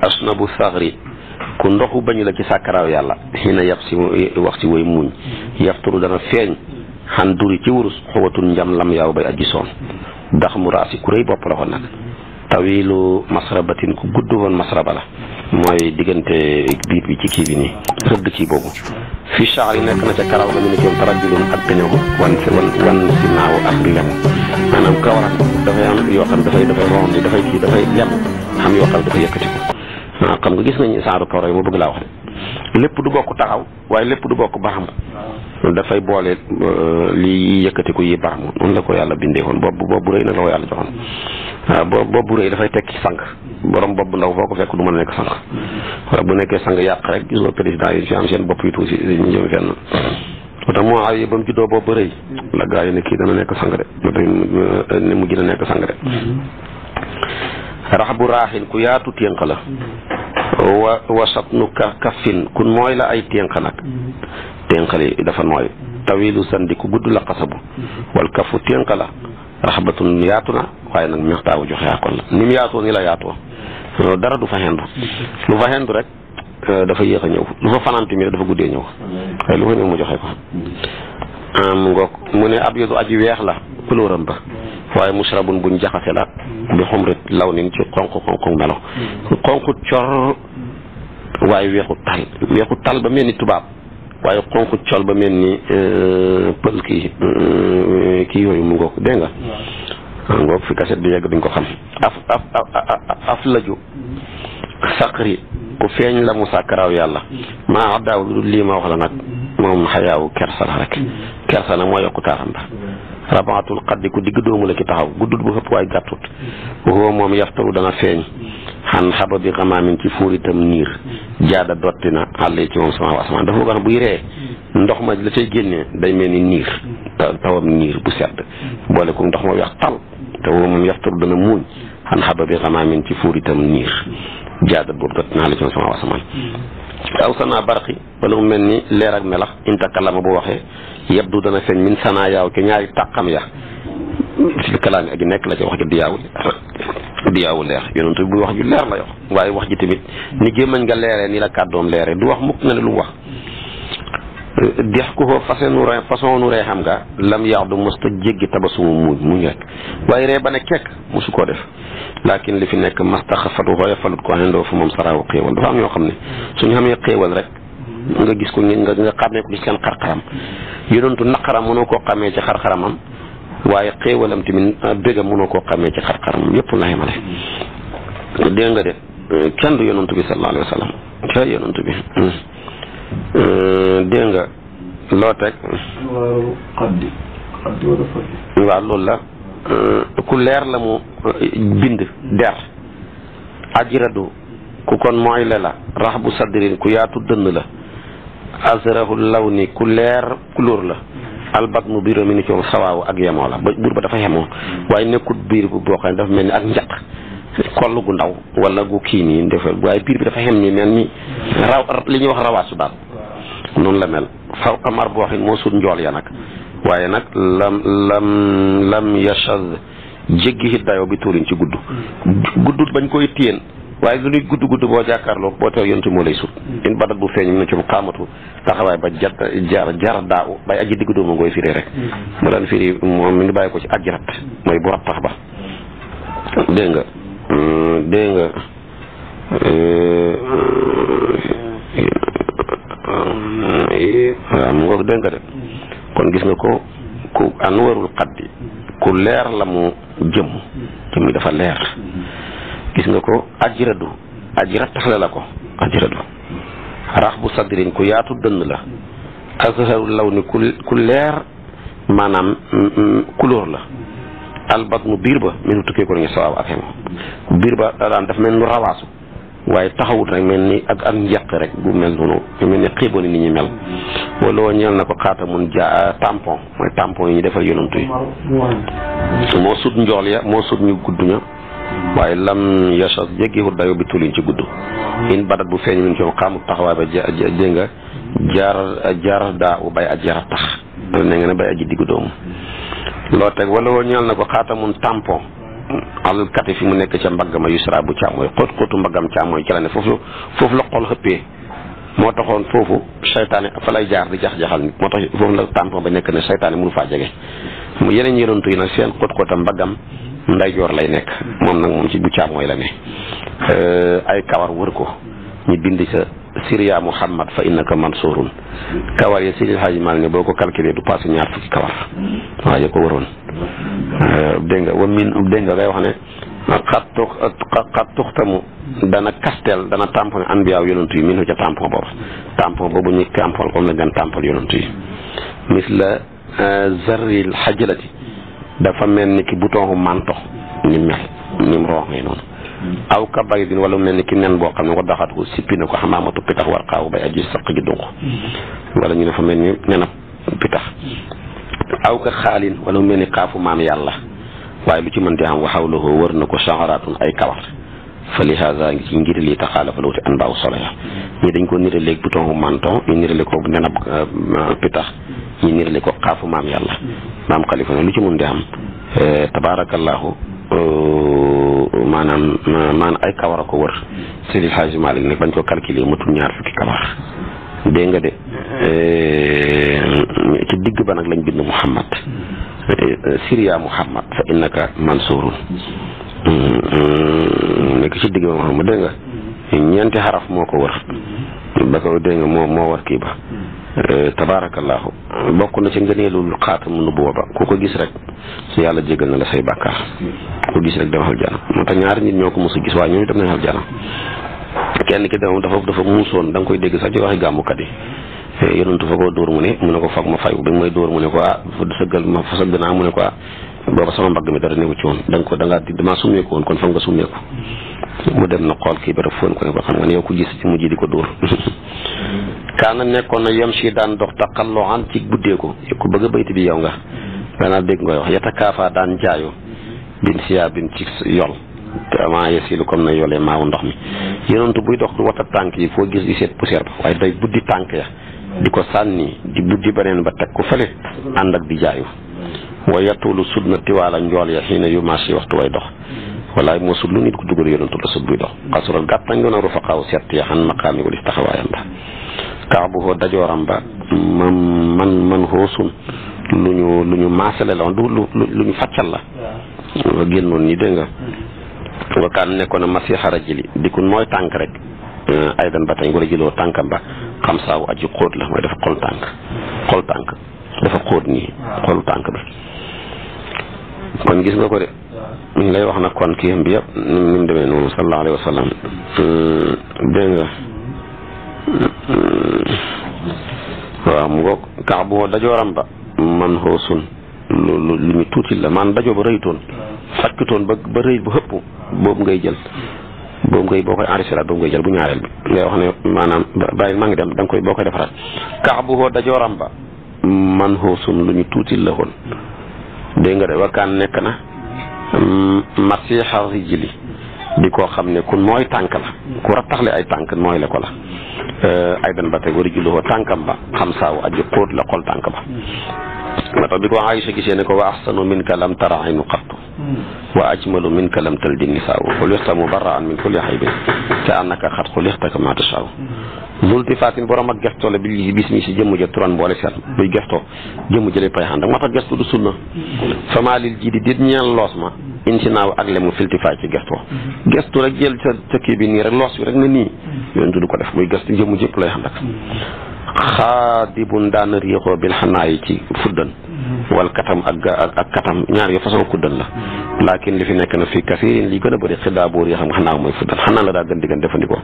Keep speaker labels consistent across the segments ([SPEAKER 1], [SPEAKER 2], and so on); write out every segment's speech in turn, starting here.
[SPEAKER 1] asnabu saxri ku ndoxu bañu la ci sàkkaraaw yàlla xiina yab si wax si way muñ yafturu dana feeñ xan duri ci wurus xuwatun njam lam yaw ba aji soon dax mu raasi ku rëy bopp la ko ku gudd woon masraba la mooy diggante biit bi ci kii bi nii rëdd kii boobu fi shaar yi nekk na ca karaw ga ñu ne coon tarajulun ak peñoom wan si wan wan si lemu maanaam kawaram dafay am yoo xam dafay dafay dafay kii dafay lem xam yoo xam dafay yëkkati ko Ah, xam nga gis nañu saaru kawra yi ma bëgg laa wax de lépp du bokk taxaw waaye lépp du bokk baramu dafay boole euh, lii yëkkatiku yi baramu noonu la ko yàlla bindee woon boobu boobu rëy nag la ko yàlla joxoon waaw mm-hmm. ah, bo boobu rëy dafay tekki sànq borom bopp ndaw foo ko fekk du mën a nekk sànq mm-hmm. waaye bu nekkee sànq yàq rek gis nga président yi ci am seen bopp yu tuuti ñu jëm fenn te moo ay ba mu juddoo mm-hmm. kii dana nekk sànq de euh, ne mu gën a nekk sànq de raxbu raaxin ku yaatu ténq la wa wasatnu ka kaffin kun mooy la ay ténq nag ténq li dafa nooy tawilu sandi ku gudd la xasabu wal kafu ténq la raxbatun yaatu na waaye nag mextaawu joxe akon la ni yaatoo ni la yaatoo dara du fa xendu lu fa xendu rek euh, dafa yéex a ñëw lu fa fanaan tamit dafa guddee ñëw waaye lu fa ñëw mu joxe ko am ngoog mu ne ab yooyu aji weex la kulóoram ba waaye musrabun bu jaxase la mm. bi xumrit law nin ci xonq xonq melo mm. xonq cor waaye weexu tal weexu tal ba mel ni tubaab waaye xonq col ba mel ni euh, pël kii euh, kii yooyu mu ngoog dégg nga ngoog fi kaset bi yegg duñ ko xam af af af laju mm. saqri ku feeñ la mu sàkkaraaw yàlla maa addaaw lii ma wax la nag moom xayaawu kersa la rek kersa nag moo yokku taaram ba rabaatul xaddi ku digg doomu la ki taxaw guddut bu xëpp waaye gàttut woo moom yaftaru dana feeñ xan xaba bi xamaamin ci fóoritam niir jaada dotti na àll ci moom sama asamaan dafa ko ndox ma la cay génnee day mel ni niir niir bu sedd boole ko ndox ma weex tal te woo moom yaftaru dana muuñ xan xaba bi ci fóoritam niir jaada boobu dotti na àll ci moom sama asamaan mm. aw sanaa barqi wala mu mel ni leer ak melax intakallama bu waxee yabdu dana feeñ min sanaayaw ci ñaari tàqam ya fi kalaam yi ak nekk la ci wax ji diyaawu diyaawu leer yonentu bu wax ju leer la yox waaye wax ji tamit ni gémmañ nga leeree ni la kàddoom leeree du wax mukk nga ne lu mu wax dex ku ko façonu re façonu ree xam nga lam yaxdu mosta jéggi tabasumu muñ muñ rek waaye ree ba ne kekk musu koo def laakin li fi nekk masta xafatu xoyofalut ko xendoo fa moom saraawu xéewal dafa am ñoo xam ne suñu xamee xéewal ko nga nga xàmmee ko yonentu naqaram munoo koo xamee ci xar-xaramam waaye xéewalam tamit ah, bégam mënoo koo xamee ci xar-xaramam yépp la yemale dégg nga de kenn du yonentu bi sallallahu alayhi wa sallam ca yonentu bi dégg nga loo teg waaw loolu la ku leer la mu bind der ajiradu ku kon mooy la rax bu ku yaatu dënn la azrahul law ni ku leer couleur la mm. albatnu biiroo mi ni ci sawaawu ak yemoo la ba buur ba dafa yemoo mm. waaye nekkul biir bu boo xam ne dafa mel ni ak njaq mm. koll gu ndaw walla gu kii nii dafa waaye biir bi dafa xem ni mel ni raw li ñuy wax rawaasu daal noonu la mel fawqa marbooxin moo sut njool ya nag waaye nag lam lam lam yashaz jéggi dayo bi tuurin ci gudd guddut bañ koy téyeen waaye lu luy gudd gudd boo jàkkaarloo boo teew yontu moo lay sut in mm. badat bu feeñ na ci bu xaamatu taxawaay ba jat jar jar daaw bay aji digg dóomu ngoy firi moom mi ko ci ajrat mooy bu rattax ba dégg nga mm, dégg euh, de mm. kon gis nga ko ku anwarul xaddi ku leer la mu jëm jëm mi dafa leer gis nga ko ajradu ajra taxle la ko ajradu rax bu sadrin ku yaatu dënn la azharu law ni ku leer maanaam mm, mm, couleur la mu biir ba minu tukkee ko dañu sawaaw ak moom biir ba daan daf mel nu rawaasu waaye taxawut rek mel ni ak ak njaq rek bu mel noonu ñu mel ni xiibani ni ñu mel wala ñeel na ko xaata mun ja euh, tampon mooy tampon yi ñu defal yonantu yi moo sut njool ya moo sut ñu gudd ña waaye lam yasas day dayo bi tulin ci gudd in badat bu feeñ min ci xamut taxawaay ba dégg nga jaar jaar daa u bay aj yara tax ne nga ne bay aji diggu doomu loo teg wala woo ñeel na ko xaatamun tampon alal fi mu nekk ca mbaggama yusra bu càmmooy xóot xóotu mbaggam càmmooy ci la ne foofu foofu la xol xëppee moo taxoon foofu saytaane fa lay jaar di jax-jaxal nit moo tax foofu la tampon ba nekk ne saytaane mënu faa jege mu yeneen yëlantu yi nag seen xóot xóotam mbaggam ndeyjoor lay nekk moom nag moom ci bu càmmooy la ne euh, ay kawar wër ko ñu bind sa siriya muhammad fa innaka mansurun kawar ya Seydi Hadji Malick ne boo ko calculé du passé ñaar fukki kawar waaye ko wëroon euh, dégg nga wa min dégg nga day wax ne xattu xat tuxtamu dana kasteel dana tampon anbiyaaw yonantu yi min ca tampon boobu tampon boobu ñu tampol comme lañ daan tampol yonantu yi mis la euh, zarril dafa mel ni ki bouton manto ni mel ni mu rooxee noonu aw ka bay din wala mel ni ki nen boo xam ne ko daxat ko sippi na ko xamaamatu pitax war xaaw bay aju saq ji dunq wala ñu dafa mel ni nena pitax aw ka xaalin wala mel ni xaafu maam yàlla waaye lu ci mën di am waxaw la ko wër na ko saxaraatun ay kawar fa li haza ngi ci ngir lii taxaala fa la wuti an baaw solo ya ñii dañ ko niraleeg bouton wu manton ñu nirale ko nenab euh, pitax ñu nirale ko xaafu maam yàlla maam xalifa ne lu ci mun di am euh, tabaarakallaahu euh, maanaam maanaam ay kawar a ko wër Seydi El Hadji Malick nag bañ ko calculer matul ñaar fukki kawar dégg nga de ci digg ba nag lañ bind Muhammad Siriya Muhammad fa innaka mansurun Mm-hmm. nekk ci digg ba Muhammad dégg nga mm-hmm. ñeenti xaraf moo ko wër mm-hmm. ba ko dégg nga moo moo war kii ba eh, tabaarakallaahu bokk na ci ngëneelul xaatamu nubuwa ba ku ko gis rek su yàlla jégal na la say bàkkaar ku ko gis rek dama aljana moo tax ñaari nit ñoo ko mu a gis waaye ñooñu dem nañ aljana kenn ki dem dafa dafa muusoon da nga koy dégg sax ci waxi gàmmukat yi eh, yonentu fa ko dóor mu ne mu ne ko foog ma fayu bi mooy dóor mu ne ko ah fa sëggal ma fa sëgg naa mu ne ko ah. booba sama mbagg mi dara néewu ci woon da nga ko da ngaa damaa summeeku woon kon fa nga summeeku mu dem na xool kii bërëb foon ko ne ko xam nga ne ko gis ci mujj di ko dóor kaana nekkoon na yem si daan dox taqalloo an ci guddee ko ku bëgg a bayti yow nga danaa dégg nga wax yata kaafaa daan jaayoo bin siyaa bin ci yol te amaa comme na yolee maawu ndox mi yonentu buy dox wata tànk yi foo gis di seet poussière ba waaye day buddi tànk ya di ko sànni di buddi beneen ba teg ko fële ànd ak di jaayu wa yatulu sud na tiwaala njool ya xiina yu marché waxtu way dox walaay moo sut lu ñu ko dugal yonantu la sut buy dox xasural gàttañ loona rufaqaaw sett ya xan maqaami walis taxawaayam ba kaabu hoo dajooram ba man man man hoo sun ñu lu ñu maasale la du lu ñu faccal la nga génnoon nii dégg nga nga kaan nekkoon a masiixa rajili dikkun mooy tànk rek eh, ay dan ba war a jëloo tànkam ba xam saawu aji xóot la mooy dafa xol tànk xol tànk dafa xóot nii xolu tànk ba kon gis nga ko de mu ngi lay wax nag kon kii am bi yëpp ni mu demee noonu sallallahu alayhi wa sallam hmm, dégg nga hmm. Hmm. waaw mu ngoog kaax bu dajooram ba man xoo sun lu lu lu tuuti la man dajoo ba rëyutoon fàccutoon ba ba bu xëpp boobu ngay jël boobu boo koy enregistré boobu ngay jël bu ñaareel bi ngay wax ne maanaam bàyyi maa dem da nga koy boo koy defaraat kaax bu dajooram ba man xoo sun lu ñu tuuti la woon dégg nga de wakkaan nekk na mm, masiixa rijli di koo xam ne ku nooy tànk la ku rattaxle ay tànk nooy le ko la euh, aydan ba tey war a julluhoo tànkam ba xam saawu aji xóot la xol tànk ba ma tax bi ko Aïcha gisee ne ko wa axsanu min ka lam tara aynu qattu wa ajmalu min ka lam taldi nisaawu xulixta mubarraan min kulli xaybin ka annaka xat xulixta kama tasaaw loolu di faatin borom ak gestoo la bi lii bis mi si jëmm ja turan boole seet luy gestoo jëmm jëlee pay xan dak maa tax gestu du sunna fama lil ji di dit ñeel loos ma in si naaw ak le mu filtifaay ci gestoo gestu rek jël sa kii bi nii rek loos bi rek na nii yoon du ko def buy gestu jëmm jëpp lay xan dak xaadibun daana bi bil xanaa yi ci fuddan wal katam ak ak katam ñaar yo façon kuddan la laakin li fi nekk na fii kasirin li gën a bëri xiddaa boor yi xam nga xanaa mooy fuddan xanaa la daa gën di gën defandikoo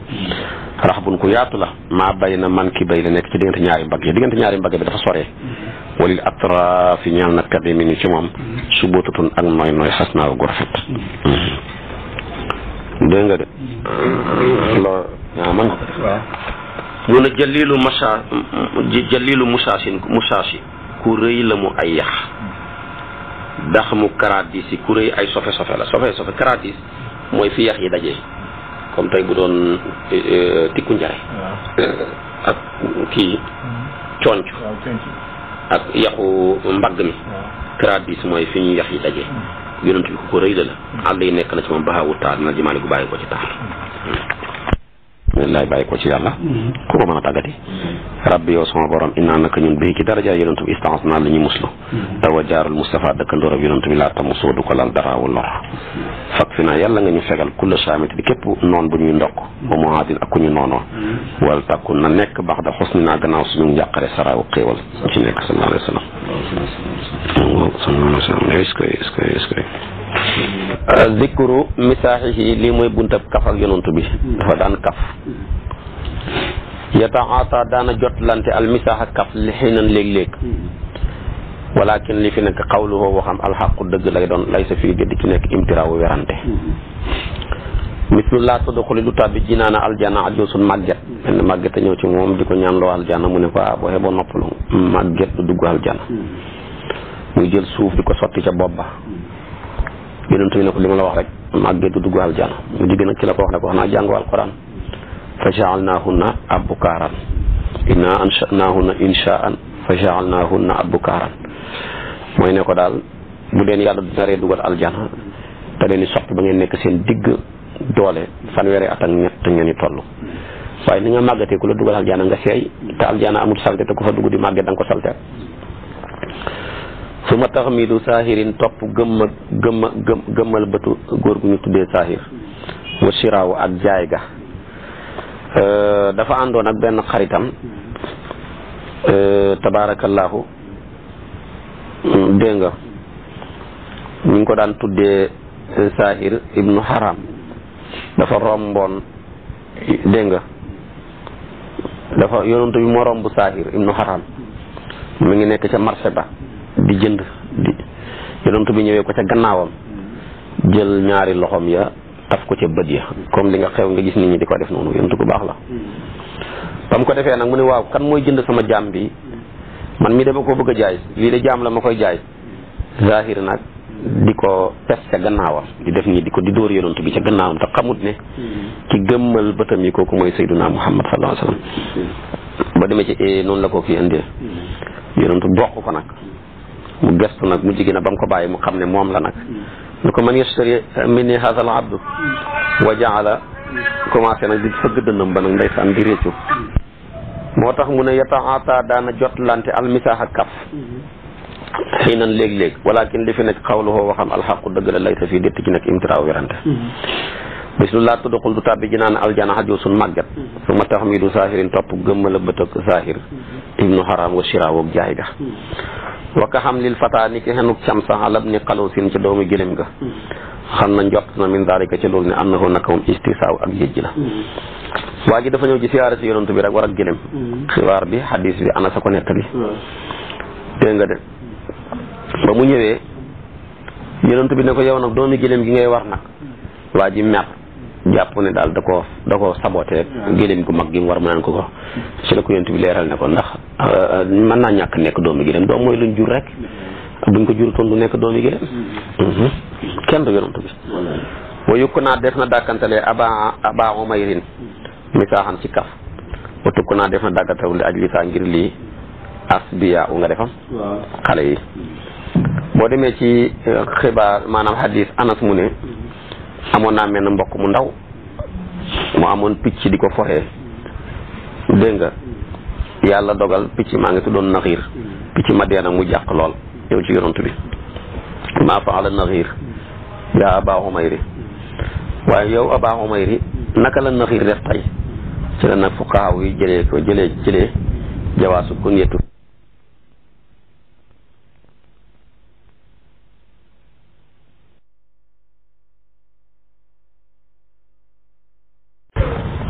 [SPEAKER 1] rax bun ku yaatu la maa bay na man ki bay la nekk ci diggante ñaari mbagg yi diggante ñaari mbagg bi dafa soree walil atrafi ñeel na kaddi mi ni ci moom su bootatun ak nooy nooy xas naa gu rafet hmm. dégg nga de loolu waaw man mun a jalilu masa jalilu musaasin musaasin ku rëy la mu ay yax dax mu karaadis yi ku rëy ay sofe-sofe la sofe-sofe karaadis mooy fi yax yi dajee comme tey doon eh, eh, tikku njare ak kii mm-hmm. conc ak yaxu mbagg mi karaadis mooy fi ñu yax yi dajee mm-hmm. yonent bi ko rëy la la mm-hmm. àll yi nekk na ci moom baxawu taar na jimaane gu bàyyi ko ci taar mm. laay bàyyi ko ci yàlla ku ko mën a tàggati rabbi yow sama borom innaa naka ñun bii ci daraja yonent bi istance naan la ñu muslu tawa hmm. jaarul Moustapha dëkkandoor ak yonent bi laa tam musoo du ko laal dara wu lor fak fi naa yàlla nga ñu fegal kulla saamit bi képp noon bu ñu ndokk ba muhaadin ak ku ñu noonoo hmm. wala takku na nekk ba da xos ni naa gannaaw suñu njàqare saraawu xéewal ci nekk sallallahu alayhi wa sallam zikru misaaxihi lii mooy buntab bi hmm. dafa daan kaf yataata daana jotlante almisaax ak kaf li xiinan léeg-léeg walakin li fi nekk xawluhu waxam alxaqu dëgg lay doon lay sa fii di ci nekk imtiraawu werante mislu laa tadxuli lu tàbbi jinaana aljana ajuusun màgget benn màgget a ñëw ci moom di ko ñaan loo aljana mu ne ko ah boo xeboo noppalu màgget du dugg aljana muy jël suuf di ko sotti ca bopp ba yonent bi ne ko li ma la wax rek màgget du dugg aljana mu jigéen nag ki la ko wax ne ko wax naa jàngu fa jaalnaahunna abukaaraan inna ansanaahunna inshaan fa jaalnaahunna abukaaraan mooy ne ko daal bu leen yàlla dina ree dugal aljana te leen di soppi ba ngeen nekk seen digg doole fanweeri at ak ngeen di toll waaye ni nga màggatee ku la dugal aljana nga seey te aljana amul salte te ku fa dugg di màggee danga ko salte su ma tax mii du saahirin topp gëmma gëmma gëmmal bëtu góor gu ñu tuddee saahir wa shiraaw ak jaay ga Euh, dafa àndoon ak benn xaritam euh, tabaarakallaahu dégg nga ñu ngi ko daan tuddee euh, Sahir ibnu Haram dafa romboon dégg nga dafa yonantu bi moo romb Sahir ibnu Haram mi ngi nekk ca marché ba di jënd di yonantu bi ñëwee ko ca gannaawam jël ñaari loxoom ya taf ko ca bët ya comme li nga xew nga gis nit ñi di ko def noonu yontu bu baax la ba mu ko defee nag mu ne waaw kan mooy jënd sama jaam bi man mi dama ko bëgg a jaay lii de jaam la ma koy jaay zahir nag di ko pes ca gannaawam di def nii di ko di dóor yonent bi ca gannaawam te xamut ne ki gëmmal bëtam yi kooku mooy sayyiduna muhammad sallallahu alayhi wasallam ba demee ci ee eh, noonu la ko kii indee yonent bokk ko nag mu gestu nag mu jigéen a ba mu ko bàyyi mu xam ne moom la nag lu ko man yashtari minni hadha al abdu wa jaala commencé nag di fëgg dënnam ba nag ndeysaan di réccu moo tax mu ne yataata daana jotlante almisaax ak kaf xëy nan léeg-léeg walakin li fi nekk xawluhoo waxam alxaqu dëgg la layta fii détt ci nekk imtiraaw werante bis lu laa tudduxul du tàbbi ji naan aljana xajoo suñ màggat su ma tax mi du saahirin topp gëmmala bëtëk saahir ibnu haram wa shira jaay ga wa ka xam lil fata ni ki xenuk camsa alab ni xalosin ci doomu gëlëm ga xam na njort na min dalika ci loolu ne am na ko naka moom istisaaw ak yëjj la waa ji dafa ñëw ci siyaara si yonantu bi rek war ak gëlëm xibaar bi xadis bi ana sa ko nett bi dégg nga de ba mu ñëwee yonantu bi ne ko yow nag doomu gëlëm gi ngay war nag waa ji mer jàpp ne daal da ko da ko saboté rek géléem gu mag gi mu war mu naan ko ko ci la ko yonent bi leeral ne ko ndax euh, mën naa ñàkk nekk doomu géléem doom mooy luñ jur rek buñ ko jurutoon lu nekk doomu géléem mhm. kenn du yonent bi wa yukk naa def na dàkkantale aba aba umayrin misaaxan ci kaf wa tukk naa def na dàkkantale aj li saa ngir lii asbiya u nga defam xale yi boo demee ci euh, xibaar maanaam hadis anas mu ne amoon naa menn mbokk mu ndaw mu amoon picc di ko foxee dégg nga yàlla dogal picc maa ngi tuddoon naxiir picc ma dee mu jàq lool ñëw ci yonantu bi maa faala naxiir yaa Abaa Umayri waaye yow Abaa Umayri naka la naxiir def tey ci la nag fuqaaw yi jëlee ko jëlee jëlee jawaasu kunyatu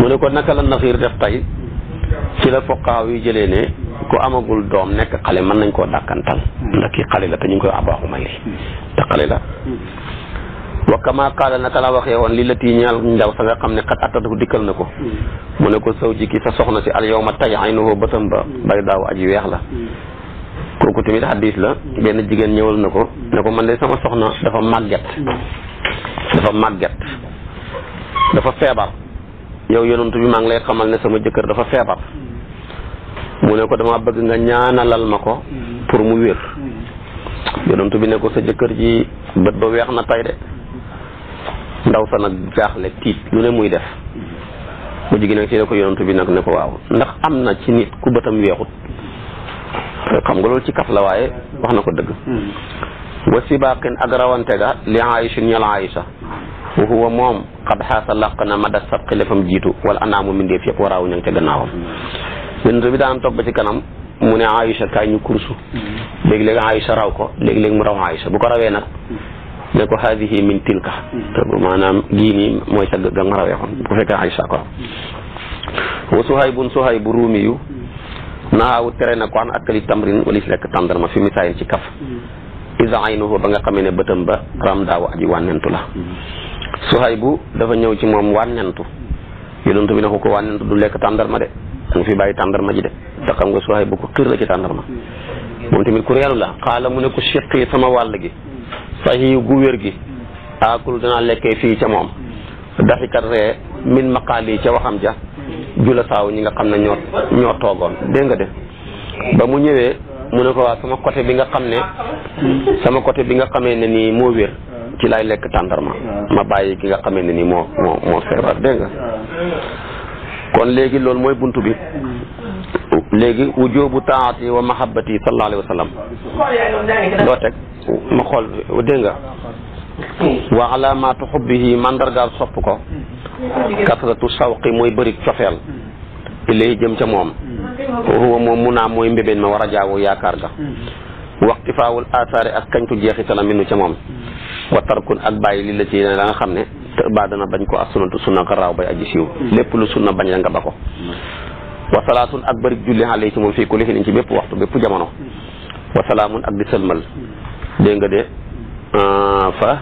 [SPEAKER 1] mu ne ko naka la naxiir def tey ci la foqaaw yi jëlee ne ku amagul doom nekk xale mën nañ koo dàkkantal ndax xale la te ñu koy abaaxu may li te xale la wa naka la waxee woon lii la tii ñaal ndaw sa nga xam ne xat attatu dikkal na ko mu ne ko saw jikki sa soxna si al yawma tay aynuhu bëtam ba bay daaw yu weex la kooku tamit hadis la benn jigéen ñëwal na ko ne ko man de sama soxna dafa màgget dafa màgget dafa feebar yow yonantu bi maa ngi lay xamal ne sama jëkkër dafa feebar mu ne ko dama bëgg nga ñaanalal ma ko pour mu wér yonantu bi ne ko sa jëkkër ji bët ba weex na tay de ndaw sa nag jaaxle tiit lu ne muy def mu jigi nag si ne ko yonantu bi nag ne ko waaw ndax am na ci nit ku bëtam weexut xam nga loolu ci kaf la waaye wax na ko dëgg wa sibaqin ak rawante ga li Aïcha ñal Aïcha wa huwa moom xad xaasa làq na ma da sabqi lefam jiitu wala anaamu mindeef yëpp waraawu ña ngi ca gannaawam yonent bi daanam ba ci kanam mu ne Aïcha kaay ñu kursu léegi-léegi Aïcha raw ko léegi-léegi mu raw Aïcha bu ko rawee nag ne ko haadihi min tilka maanaam gii nii mooy sa ga ma rawee xoon bu fekkee Aïcha ko wa Suhaybun bu ruumi yu naawu tere na ko an akkali tamrin walis lekk tàndarma fi misaayin ci kaf isa aynuhu ba nga xamee ne bëtam ba ram daaw aji wànnentu la Suhaybu dafa ñëw ci moom wànnentu yonent bi ne ko ko wànnentu du lekk tàndarma de mu fi bàyyi tàndarma ji de te xam nga Suhaybu ko xir la ci tàndarma moom tamit ku reelu la xaala mu ne ko siqi sama wàll gi saxiyu gu wér gi aakul danaa lekkee fii ca moom daxikat ree min maqaal yi ca waxam ja jula saaw ñi nga xam ne ñoo ñoo toogoon dégg nga de ba mu ñëwee mu ne ko waa sama côté bi nga xam ne sama côté bi nga xamee ne nii moo wér ci laay lekk tàndarma ah. ma bàyyi ki nga xamee ne nii moo moo feebar ah. dégg nga kon léegi loolu mooy buntu bi léegi wujubu taati wa mahabbati sallallahu alayhi wa sallam loo teg ma xool dégg nga wa alaamaatu xubbihi mandargaal sopp ko kasratu sawqi mooy bari cofeel ilayhi jëm ca moom huwa moom mu naa mooy mbébén ma war a jaawu yaakaar ga
[SPEAKER 2] mm-hmm.
[SPEAKER 1] waxti faawul asaare ak kañtu jeexitala minu ca moom mm-hmm. wa tarkun ak bàyyi li la ci la xam ne te ba dana bañ ko ak sunatu sunna raaw bay aji siiw mm-hmm. lépp lu sunna bañ la nga ba ko wa salaatun ak bërik julli xale ci moom fii ku lixinin ci bépp waxtu bépp jamono wa salaamun ak di sëlmal dégg nga de euh, fa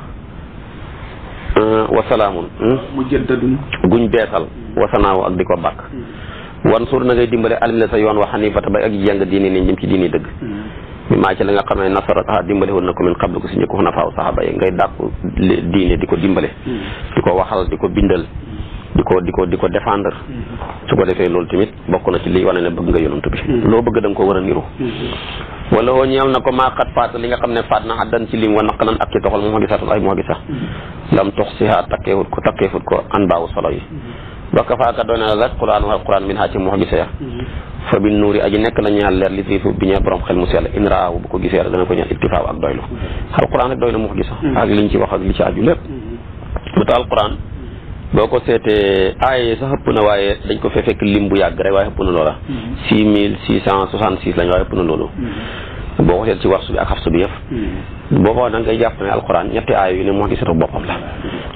[SPEAKER 1] euh, wa salaamun hmm? mu jëntadun guñ beesal wasanaaw ak di ko bàkk wan suur na ngay dimbale alim la sa yoon wa xanifata ba ak jàng diini ni jëm ci diini dëgg mi hmm. maa ci la nga xam ne nasarata dimbale woon na ko min xable ko si njëkk xuna faaw saxaaba yi ngay dàkku diine di ko dimbale hmm. di ko waxal di ko bindal di ko di ko di ko défendre hmm. su ko defee loolu tamit bokk na ci lii wala ne bëgg nga yonantu bi loo bëgg da ko war a niru wala woo ñeel na ko maa xat faata li nga xam ne faat na xaddan ci lim wa naqalan ak ci toxal mu ma gisatul ay mu ma gisa lam tox siha takkeewut ko takkeefut ko an baawu solo yi wa kafaaka doy na la quran quran min ha ci moo gisee mhm. fa bi nuuri aji nekk la ñaan leer li si suuf bi ñee borom xel mu sell in raaw ko gisee rek dana ko ñaan ittifaaw ak doylu mhm. alquran aaye mhm. dañ ko fekk lim bu yàgg waaye ëpp na loola six mille six cent soixante six lañ waaye ëpp na loolu boo ko seet ci bi yëpp boo ko da ngay jàpp ne alquran ñetti aay yu ne moo gisatu boppam la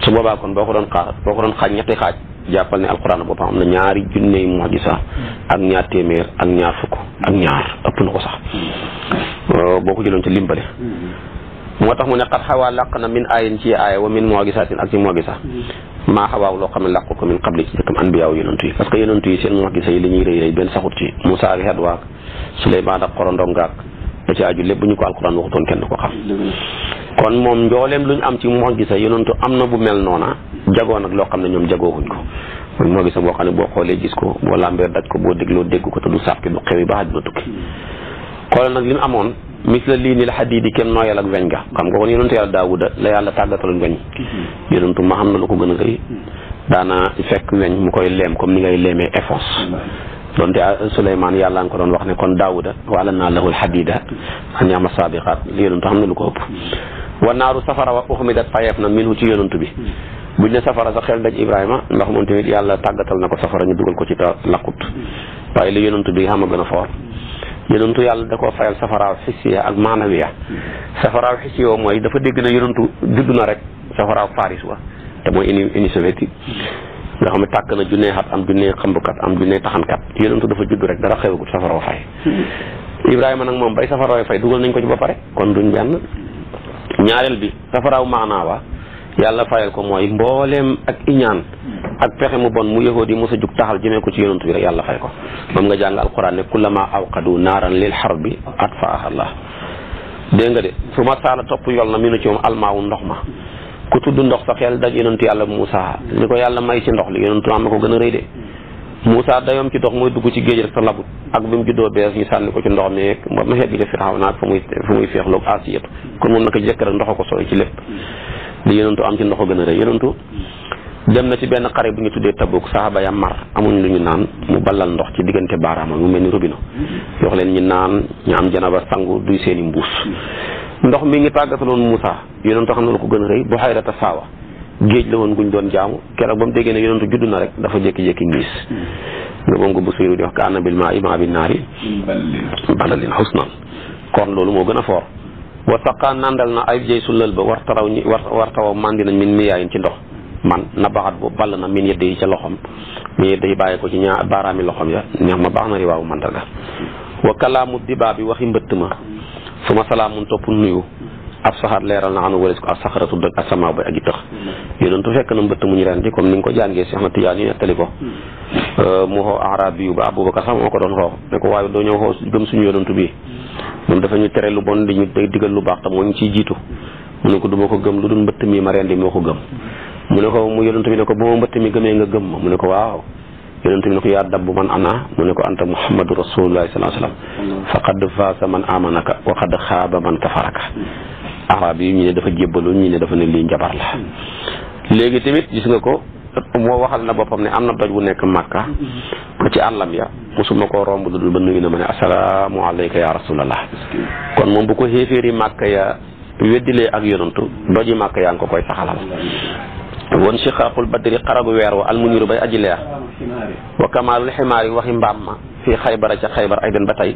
[SPEAKER 1] su boobaa kon boo ko doon xaar boo ko doon xaaj ñetti xaaj jàppal ne alxuraan boppam am na ñaari junne mujisa ak ñaar téeméer ak ñaar fukk ak ñaar ëpp na ko sax euh, boo ko jëloon ci limbale moo tax mu ne xat xawaa làq na min ayin ci aaya wa min mujisatin ak ci mujisa maa xawaaw loo xam ne làq ko min xabli ci jëkkam yi parce que yonantu yi seen mujisa yi li rëy rëy benn saxut ci Moussa ak xet waak Souleymane ak xorondom ngaak ci aju lépp ñu ko alxuraan waxutoon kenn ko xam kon moom njooleem lu ñu am ci moo gisa yonentu am na bu mel noona jagoo nag loo xam ne ñoom jagooxuñ ko muy moo gisa boo xam ne boo xoolee gis ko boo làmbeer daj ko boo dégloo dégg ko te du sàppi du xewi ba àdduna tukki xoolal nag li amoon mis la lii ni la xadiidi kenn nooyal ak weñ nga xam nga kon yonentu yàlla daawuda la yàlla tàggatal ak weñ xam na lu ko gën a rëy daana fekk weñ mu koy leem comme ni ngay leemee efos donte Souleymane yàlla nga ko doon wax ne kon Daawuda wala naa lahul xadida an yaama saabiqaat li yonentu xam ne lu ko ëpp wa naaru safara wa uxmidat fayeef na minhu ci yonantu bi hmm. buñ ne safara sa xel daj Ibrahima ndox moom tamit yàlla tàggatal na ko safara ñu dugal ko ci ta lakkut hmm. waaye li yonantu bi xam a gën a foor hmm. yonantu yàlla da koo fayal safaraaw xisiya ak maanawiya safaraaw xisiya dafa dégg na yonantu judd na rek safaraaw Faris wa te mooy uni uni soviétique nga xam ne tàkk na junnee xat am junnee xambukat am junnee taxankat yonantu dafa judd rek dara xewagut safaraw fay Ibrahima nag moom bay safaraw fay dugal nañ ko ci ba pare kon duñ benn ñaareel bi safaraaw maanaa wa yàlla fayal ko mooy mbooleem ak iñaan ak pexe mu bon mu yahudi mos a jug taxal jëmee ko ci yonent bi rek yàlla fay ko moom nga jàng alquran ne kullama awqadu naaran lil harbi atfaaha allah dégg nga de su ma saala topp yol na mi nu ci moom almaawu ndox ma ku tudd ndox sa xel daj yonentu yàlla Muusa li ko yàlla may si ndox li yonentu am na ko gën a rëy de Moussa dayoom ci dox mooy dugg ci géej rek sa labut ak bi mu juddoo bees ñu sànni ko ci ndox mi ma ma kon moom naka jëkk rek ndox ko sooy ci lépp li yonentu am ci ndox gën a rëy dem na ci benn xare bu ñu tuddee Tabuk saxaaba ya mar amuñ lu ñu naan mu ballal ndox ci diggante baaraama mu mel ni robina jox leen ñu naan ñu am janaba sangu duy seeni mbuus ndox mi ngi tàggataloon Moussa yonentu xam na lu ko gën a rëy bu xayrata saawa géej la woon gu ñu doon jaamu keroog ba mu déggee ne yonentu judd na rek dafa jékki-jékki ngiis nga moom nga bu siiru di wax ka anna bil maa'i ma'a bin naari balalin xusnan kon loolu moo gën a foor wa saqaa nandal na ay jëy su lël ba war taraw ñi nañ min miyaayin ci ndox man na baxat bu ball na min yedde yi ca loxom mi yedde yi bàyyi ko ci ñaar baaraami loxom ya neex ma baax na riwaawu mandarga wa kalaamu dibaa bi waxi mbëtt ma su ma salaamun topp nuyu ab saxaar leeral na anu walis ko ak saxaratu dëgg a sama bay ak yi tax yonentu fekk na mbëtt mu ñu rendi comme ni ko ko jàngee si Ahmad Tijaan yi nettali ko euh, mu xoo arabi yu ba Abubakar sax moo ko doon xoo ne ko waaye doo ñëw xoo gëm suñu yonentu bi moom dafa ñu tere lu bon di ñu digal lu baax te moo ciy jiitu mu ko du ma ko gëm lu dul mbëtt mi ma rendi moo ko gëm mu ne ko mu yonentu bi ne ko bu ma mbëtt mi gëmee nga gëm ma mu ne ko waaw yonent bi ne ko yaa dabbu man ana mu ne ko anta muhammadu rasulullahi salaa sallam faqad faasa man amanaka wa qad xaaba man kafaraka araab yi ñu ne dafa jébbalu ñu ne dafa ne lii njabar la léegi tamit gis nga ko moo waxal na boppam ne am na doj bu nekk Makka ba ci àllam ya mosuma koo romb lu dul ba nuyu na ma ne asalaamu alayka ya rasulallah kon moom bu ko xéeféeri Makka ya weddilee ak yonantu doji Makka yaa ngi ko koy saxalal won si xaaxul badri xaragu weer wa almuniru bay aji leer wa kamaalul ximaar yi waxi mbaam ma fii xaybara ca xaybar ay den ba tey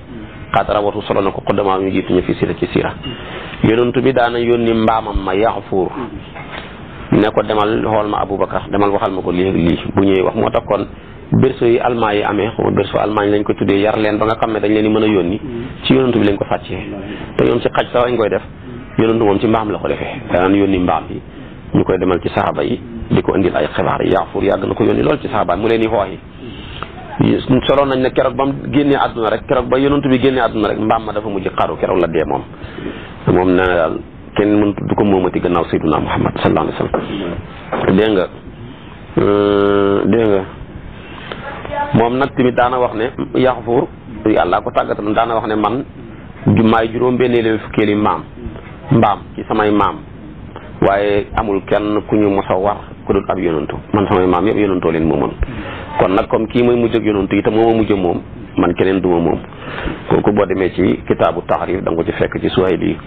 [SPEAKER 1] qad rawatu solo na ko xoddamaa ñu jiitu ñu fi sira ci sira yonentu bi daana yónni mbaamam ma yaxfuur ne ko demal xool ma Aboubacar demal waxal ma ko lii ak lii bu ñëwee wax moo tax kon berceau yi almaañ yi amee xaw ma almaañ lañ ko tuddee yar leen ba nga xam ne dañ leen di mën a yónni ci yonentu bi lañ ko fàccee te ñoom ci xaj sax lañ koy def yonentu moom ci mbaam la ko defee danaan yónni mbaam yi ñu koy demal ci saaba yi di ko indil ay na ko yónni lool ci saaba mu leen soloon nañ ne keroog ba mu génnee àdduna rek keroog ba yonantu bi génnee àdduna rek mbaam ma dafa mujj xaru keroog la dee moom moom nee na daal kenn mënut du ko moomati gannaaw sayyiduna Muhammad sallallahu alayhi wa sallam dégg nga euh, dégg nga moom nag tamit daana wax ne yaxfur yàlla ko tàggatal daana wax ne man maay juróom benneelu fukkeeli maam mbaam ci samay maam waaye amul kenn ku ñu mos a ku dul ab yonantu man samay maam yëpp yonantoo leen moomoon kon nag comme kii mooy mujj ak yonantu itam moo ma mujj moom man keneen duma moom kooku boo demee ci kitaabu taxrif da nga ko ci fekk ci Suhayli yi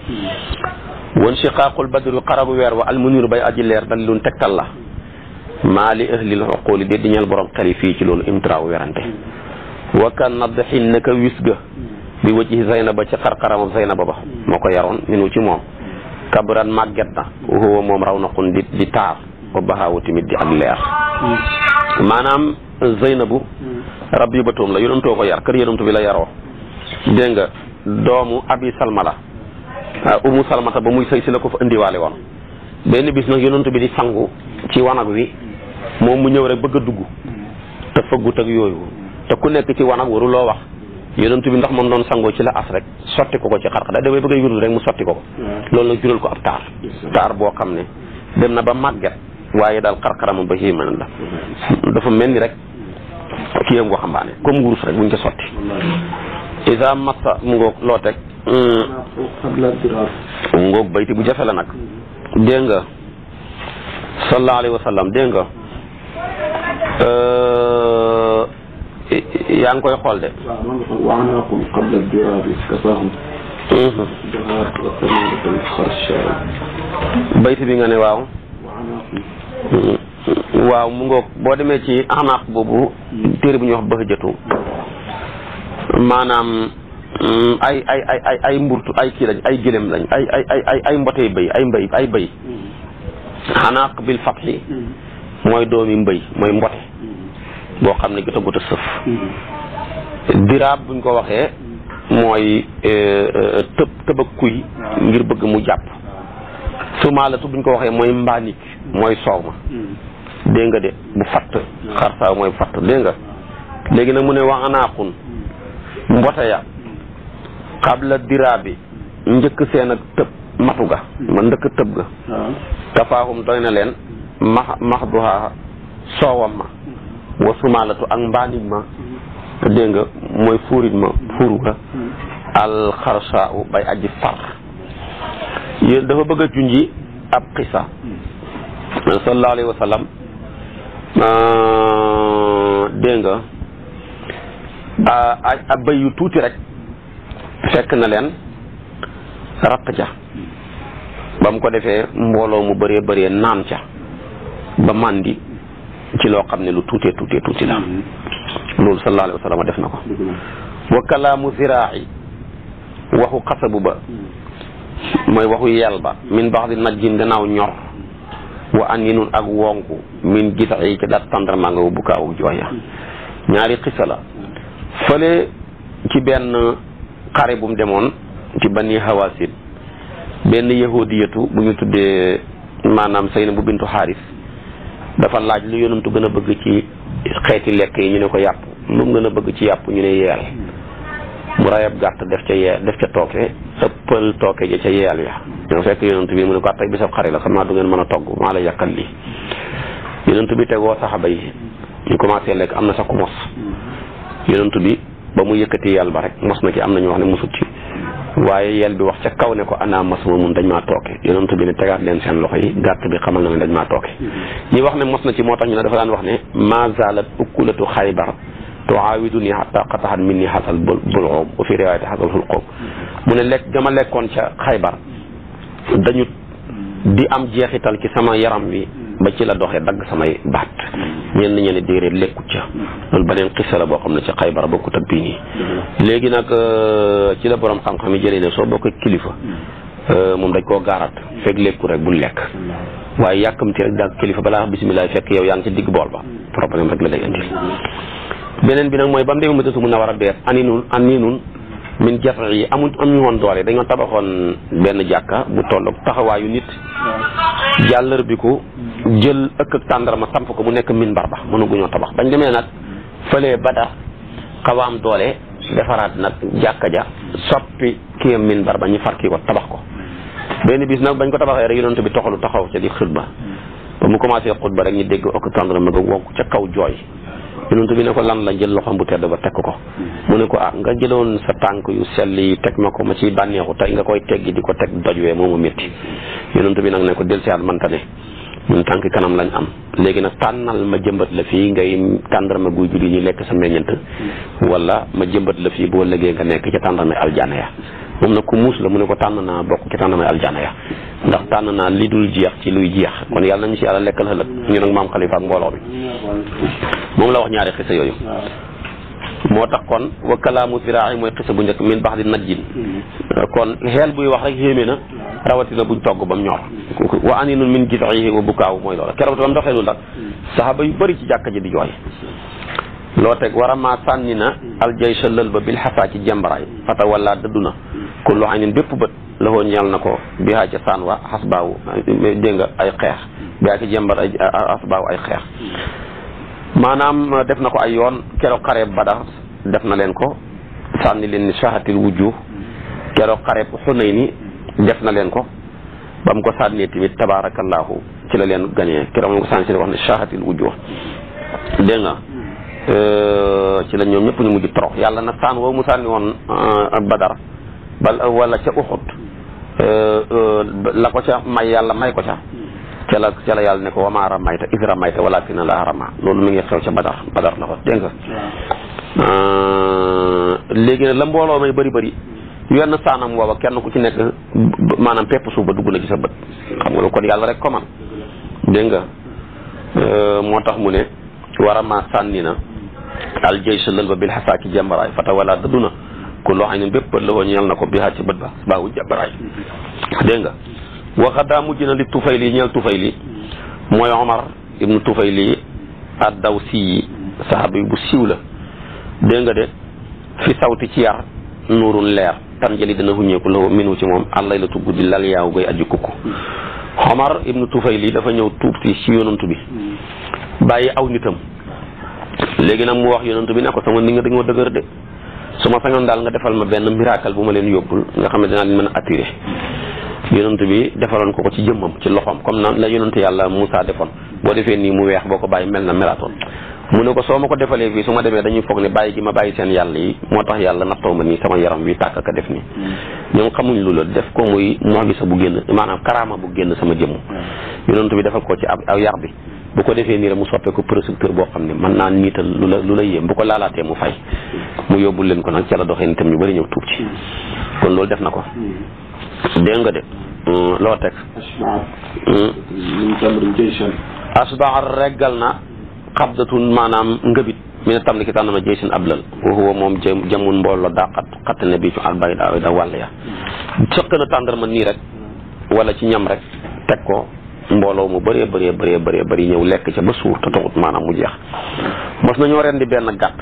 [SPEAKER 1] woon si xaaqul badru xarabu weer wa almuniru bay aji leer dal lun tegtal la maa li ahlil xoqooli di di ñeel borom xel yi fii ci loolu imtiraaw werante wakka nadxin naka wis ga bi wëcci zaynaba ci xarxaramam zaynaba ba moo ko yaroon minu ci moom kabran màgget na huwa moom raw ba baxaawu tamit di ak leer hmm. maanaam Zeynabu hmm. rab yu batoom la yonantoo ko yar kër yonantu bi la yaroo dégg nga doomu abi salma la ah, umu salmata ba muy sëy si la ko fa indiwaale woon benn bis nag yonantu bi di sangu ci wanag wi moom mu ñëw rek bëgg a dugg te fëggut ak yooyu te ku nekk ci wanag waru loo wax yonentu bi ndax moom doon sangoo ci la as rek sotti ko ko ci xarxa da damay bëgg a yurul rek mu sotti ko ko hmm. loolu nag jural ko ab taar taar boo xam ne dem na ba màgget waaye daal xar-xaramam ba xii mën la dafa mel ni rek kii am waxambaane comme wurus rek buñ ko sotti isa massa mu ngoog loo teg ngoog bayti bu jafe la nag dégg nga sallallahu alayhi wa sallam dégg nga yaa ngi koy xool de bayti bi nga ne waaw waaw mu ngook boo demee ci anaaq boobu téere bu ñuy wax bëx jëtu maanaam mm, ay ay ay ay ay mburtu ay kii lañ ay gëlem lañ ay ay ay ay ay mbotey bëy ay mbay ay bëy anaaq bil fatxi mooy doomi mbëy mooy mbote boo xam ne jotagut a sëf diraab buñ ko waxee mooy eh, eh, tëb tëb ak kuy ngir bëgg mu jàpp sumaalatu buñ ko waxee mooy mbaanik mooy soow ma hmm. dégg de bu fatt hmm. xarsaw mooy bu fatt dégg nga hmm. léegi nag mu ne wa anaaqun mbote ya xabla bi njëkk seen ak tëb matu ga ma ndëkk tëb ga tafaahum doy na leen max max duhaa soowam ma wa ak mbaanit ma dégg mooy fuurit ma fuuru ga alxarsaau bay aji far yéen dafa bëgg a junji ab xisa sallallahu alayhi wa sallam ah, dégg nga ab ah, bëy yu tuuti rek fekk na leen raq ca ba mu ko defee mbooloo mu baree bëree naan ca ba màndi ci loo xam ne lu tuutee tuutee tuuti la loolu sallallahu def na ko wa waxu xasabu ba mooy waxu yel ba min baax nag naj jin gannaaw ñor wa an yi nun ak wonku min gis ay ci dat tendrement nga bu kaawu jooya ñaari xisa la fële ci benn xare bu mu demoon ci bani hawasid benn yahudiyatu bu ñu tuddee maanaam na bu bintu xaaris dafa laaj lu yonantu gën a bëgg ci xeeti lekk yi ñu ne ko yàpp lu mu gën a bëgg ci yàpp ñu ne yeel bu rayab gàtt def ca yee def ca tooke ëppal tooke ja ca yeeyal ya ñoo fekk yonent bi mu ne ko tey bisab xare la xam naa du ngeen mën a togg maa la yàqal lii yonent bi tegoo saxaba yi ñu commencé lekk am na sax ku mos yonent bi ba mu yëkkati yàlla ba rek mos na ci am na ñu wax ne mosut ci waaye yel bi wax ca kaw ne ko ana mas ma dañ maa tooke yonent bi ne tegaat leen seen loxo yi gàtt bi xamal na ne dañ maa tooke ñi wax ne mos na ci moo tax ñu ne dafa daan wax ne ma zalat ukkulatu xaybar tuaawiduni xata qataxat min ni xasal bulxoom bu fi riwaayati xasal xulqoom mu ne lekk ga ma lekkoon ca xaybar dañu di am jeexital ci sama yaram wi ba ci la doxee dagg samay baat ñenn ñi ne déedéet lekku ca loolu beneen xisa la boo xam ne ca xaybara bokkut ak bii nii léegi nag euh, ci la borom xam-xam yi jëlee ne soo bokkee kilifa euh, moom dañ koo gaaraat fekk lekku rek bul lekk waaye yàkkamti rek daal kilifa balaa bisimilah fekk yow yaa ngi ci digg bool ba problème rek la lay beneen bi nag mooy ba mu demee Madinatu Munawwara bees a nun ani nun min jafe yi amul ñu woon doole dañoo tabaxoon benn jàkka bu tolloog taxawaayu nit. jàllar jël ëkk ak ma tamp ko mu nekk minbar ba mënaguñoo tabax bañ demee nag fëlee Badar xaw a am doole defaraat nag jàkka ja soppi kii minbar ba ñu far kii ko tabax ko. benn bis nag bañ ko tabaxee rek yonent bi toxalu taxaw ca di xutba ba mu commencé xutba rek ñu dégg ëkk ma ba wokk ca kaw jooy. yonent bi ne ko lan la jël loxoom bu tedd ba teg ko mu ne ko ah nga jëloon sa tànk yu sell yi teg ma ko ma ci bànneexu tey nga koy teg teggi di ko teg doj wee moomu métti yonent bi nag ne ko del si at tànk kanam lañ am léegi nag tànnal ma jëmbat la fii ngay ma guy juli ñu lekk sa meññant wala ma jëmbat la fii boo légee nga nekk ca tàndarma aljaana ya moom nag ku muus la mu ne ko tànn naa bokk ca tàndarma aljaana ya ndax tànn naa li dul jeex ci luy jeex kon yàlla ñu si yàlla lekkal ëllëg ñu nag maam xalifa ak mbooloo bi moom la wax ñaari xisa yooyu moo tax kon wa kalaamu firaaxi mooy xisa bu njëkk min bax di najjin kon xeel buy wax rek xéeme na rawatina buñ togg bam ñor wa aninun min jitxihi wa kaaw mooy loola keroog tam doxee lu la saxaaba yu bari ci jàkka ji di jooy loo teg war a sànni na aljay sa lël ba bil xasaa ci jàmbaraay fata walla dëddu na kullu aynin bépp bët la ko na ko bi haa wa xas baaw dégg ay xeex bi jàmbar xas baaw ay xeex maanaam def na ko ay yoon keroog xareeb Badar def na leen ko sànni leen ni saxatil wujju keroog xareeb Xunayni def na leen ko ba mu ko sànnee tamit tabaarakallaahu ci la leen gañee keroog mu ko sànni si wax ne saxatil wujju dégg nga ci la ñoom ñëpp ñu mujj torox yàlla na taan woo mu sànni woon euh, badar ba wala ca uxut euh, euh, la ko ca may yàlla may ko ca ca la ca la yàlla ne ko wama ramayta is ramayta walakin la rama loolu mi ngi xew ca badar badar la ko dégg nga léegi nag la mbooloo may bari bëri wenn saanam booba kenn ku ci nekk maanaam pepp suuf ba dugg na ci sa bët xam nga lu kon yàlla rek ko man dégg moo tax mu ne war a ma na aljay sa lël ba bil xasaaki jàmbaraay fatawala daduna kullu aynin bépp la woo ñeel na ko bi ci bët ba baawu jàmbaraay dégg nga waxadaa mujj na li tufayli ñeel tufayli mooy omar ibnu tufayli addawsi yi saxaabi bu siiw la dégg nga de fi sawti ci yar nuurun leer tanjali dana huñeeku la minu ci moom àllay la tugg di lal yaaw goy aju omar ibnu tufayli dafa ñëw tuub si ci yonantu bi bàyyi aw nitam léegi nag mu wax yonent bi ne ko sama nit nga dañoo dëgër de su ma sañoon daal nga defal ma benn miracle bu ma leen yóbbul nga xam ne dinaa leen mën a attiré yonent bi defaloon ko ko ci jëmmam ci loxoom comme na la yonent yàlla Moussa defoon boo defee nii mu weex boo ko bàyyi mel na melatoon mu ne ko soo ma ko defalee fii su ma demee dañuy foog ne bàyyi gi ma bàyyi seen yàlla yi moo tax yàlla nattoo ma nii sama yaram wi tàkk ka def nii ñoom xamuñ lu la def ko muy mox gi bu génn maanaam karaama bu génn sama jëmm
[SPEAKER 2] hmm.
[SPEAKER 1] yonent bi defal ko ci ab aw yar bi bu ko defee nii rek mu soppee ko producteur boo xam ne mën naa niital lu la lu la yéem bu ko laalaatee mu fay mu yóbbul leen ko nag ca la doxee itam ñu bëri ñëw tuub ci kon loolu def na ko dégg nga de mm, loo teg mm. asbaar reggal na xabdatun maanaam ngëbit mina tam ni ki tànnama jëy seen ablal wa huwa moom jamun mbooloo daqat xatt ne bi ci albayda da wàll ya sëq na tàndarma nii rek wala ci ñam rek teg ko mbooloo mu bëree bëree baree bëree bëri ñëw lekk ca ba suur te taxut maanaam mu jeex mos nañoo rendi benn gàtt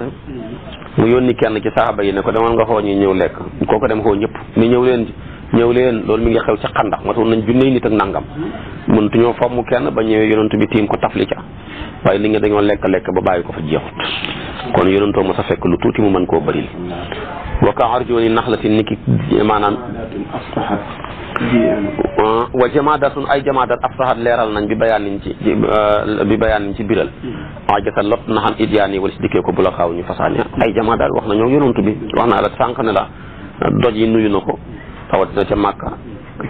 [SPEAKER 1] mu yónni kenn ci saxaaba yi ne ko demal nga xoo ñi ñëw lekk kooko dem xoo ñëpp ni ñëw leen ñëw leen loolu mi ngi xew ci xandax matoon nañ junney nit ak nangam mëntu ñoo fomm kenn ba ñëwee yonent bi tiim ko tafli ca waaye li nga dañoo lekk lekk ba bàyyi ko fa jeexut kon yonentoo ma a fekk lu tuuti mu mën koo bëril wa ka arjuli naxlatin ni ki maanaam ah, wa jamaadatun ay jamaadat afsahat leeral nañ bi bayaan niñ ci ah, bayaan niñ ci biral ajasa lot na xam idyaan yi wala si dikkee ko bu la ñu fasaane ay jamaadat wax na ñoo yonantu bi wax naa la sànq ne la doj yi nuyu na ko rawatina ca màkka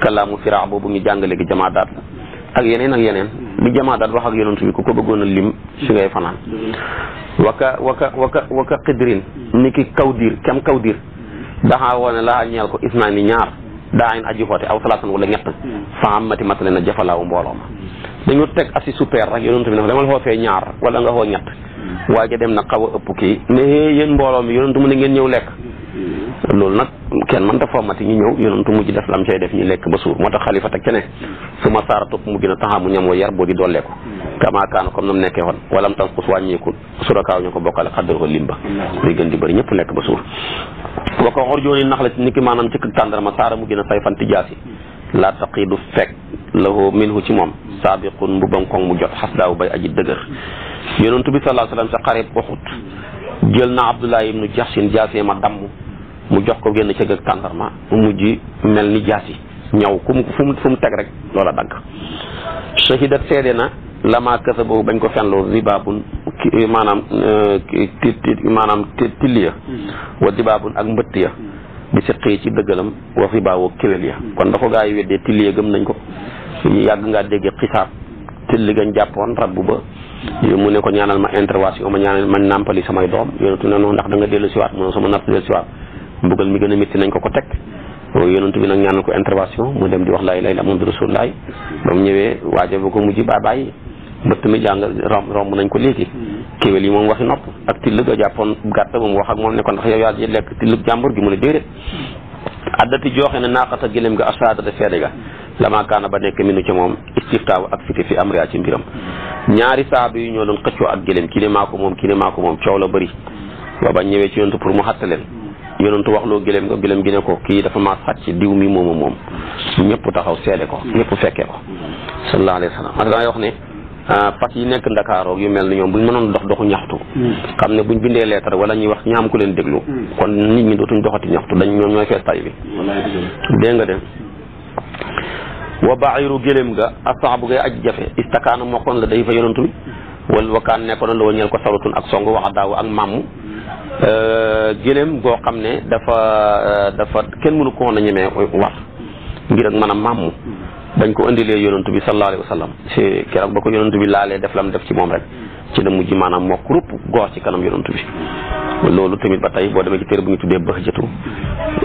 [SPEAKER 1] kalaamu firaa boobu ñu jàngale gi jamaadat ak yeneen ak yeneen bu jamaadaat wax ak yonent bi ku ko bëggoon a lim si ngay fanaan waka waka waka waka ni ki kaw diir kem kaw diir daxaa woone laa ñeel ko naa ni ñaar daa in aji foote aw salaasan wala ñett fa amati matale na jafalaawu mbooloo ma dañu teg asi super rek yonent bi ne ko demal xoofee ñaar wala nga xoo ñett waaye dem na xaw a ëpp kii ne yen mbooloo mi yonent ne ngeen ñëw lekk loolu nag kenn mënta fommati ñu ñëw yonantu mujj def lam cay def ñu lekk ba suur moo tax xalifa teg ca ne su ma saara topp mu gën a taxamu ñam wa yar boo di dolleeku kamaakaanu comme nam nekkee woon walam tam kus wàññeeku surakaaw ñu ko bokkale xaddal ko limba muy gën di bëri ñëpp lekk ba suur wa ko xor jooni nax la ni ki maanaam ci tàndarma saara mu gën a say fan tijaasi laa taqiidu fekk lahu minhu ci moom saabiqun mbubam koŋ mu jot xas daaw bay aji dëgër yonantu bi sallallahu alayhi wa sallam sa xarib Uhud jël na Abdullah ibnu Jahsin jaasee ma damm mu jox ko génn cëgg ak tàndarma mu mujj mel ni jaasi ñaw ku mu fu mu teg rek loola dagg shahidat seede na lama kësa boobu bañ ko fenloo zibaabun maanaam euh, maanaam till ya
[SPEAKER 2] hmm.
[SPEAKER 1] wa zibaabun ak mbëtt ya hmm. bi siqii ci dëggalam wa zibaawoo kilal ya hmm. kon da ko gaa yi weddee till ya gëm nañ ko yàgg ngaa déggee xisaab till gañ jàppoon rabbu ba mu ne ko ñaanal ma intervention ma ñaanal ma nàmpali samay doom yonentu ne noonu ndax da dellu siwaat mu ne sama napp dellu mbugal mi gën a métti nañ ko ko teg yonent bi nag ñaanal ko intervention mu dem di wax laa ilaaha illallaah Muhammadu rasulullaah ba mu ñëwee waaja ba ko mujj baa bàyyi mbëtt mi jàng romb romb nañ ko léegi kéwél yi moom waxi nopp ak tillëg a jàppoon gàtt ba mu wax ak moom ne ko ndax yow yaa lekk tillëg jàmbur gi mu ne déedéet addati jooxe ne naaqata gëlëm ga asaadata seede ga lama ba nekk minu ca moom istiftaaw ak fiti fi am ria ci mbiram ñaari saaba yu ñoo doon yonentu wax loo gëléem nga gëléem gi ne ko kii dafa maa sàcc diw mi mooma moom ñëpp taxaw seede ko ñëpp fekkee ko sallallahu alayhi wa wax ne fas ah, yi nekk ndakaaroog yu mel ni ñoom buñ mënoon dox doxu ñaxtu hmm. xam ne buñ bindee lettre wala ñuy wax ñaam ku leen déglu hmm. kon nit ñi dootuñ doxati ñaxtu dañ ñoom ñooy fees tay bi dégg nga de wa bairu gëléem nga asaabu ngay aj jafe istakaana mokkoon la day fa yonentu bi hmm. wal wakaan nekkoon la wa ñeel ko saratun ak song waxa daaw ak mamm gëléem euh, goo xam ne dafa euh, dafa kenn mënu ko woon a ñemee war ngir ak mën a màmm bañ ko indilee yonantu bi sallallahu alayhi wa sallam si keroog ba ko yonantu bi laalee def lam def ci moom rek ci la mujj maanaam mokk rupp goor ci kanam yonantu bi loolu tamit ba tey boo demee ci téere bu ñu tuddee bëx jëtu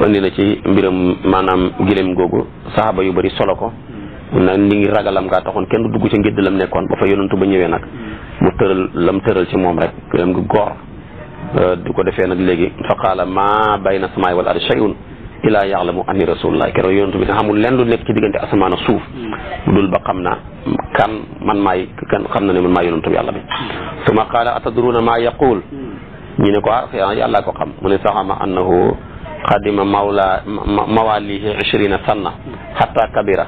[SPEAKER 1] indi na ci mbiram maanaam gëléem googu saxaaba yu bari solo ko nag ni ngi ragalam ngaa taxoon kenn du dugg ca ngédd lam nekkoon ba fa yonantu ba ñëwee nag mu tëral lam tëral ci moom rek gëléem gi goor Euh, du ko defee nag léegi fa qaala ma bayna samaay wal ardi shay'un ilaa ya'lamu anni rasulullah keroog yonent bi ne xamul lenn lu nekk ci diggante asamaan ak suuf dul ba xam na kan man maay kan xam na ne man maay yonent bi yàlla bi suma qaala atadruna ma yaqul ñu ne ko ah, ah yàllaa ko xam mu ne saxama annahu qadima mawla mawalihi ishrina sanna hatta kabira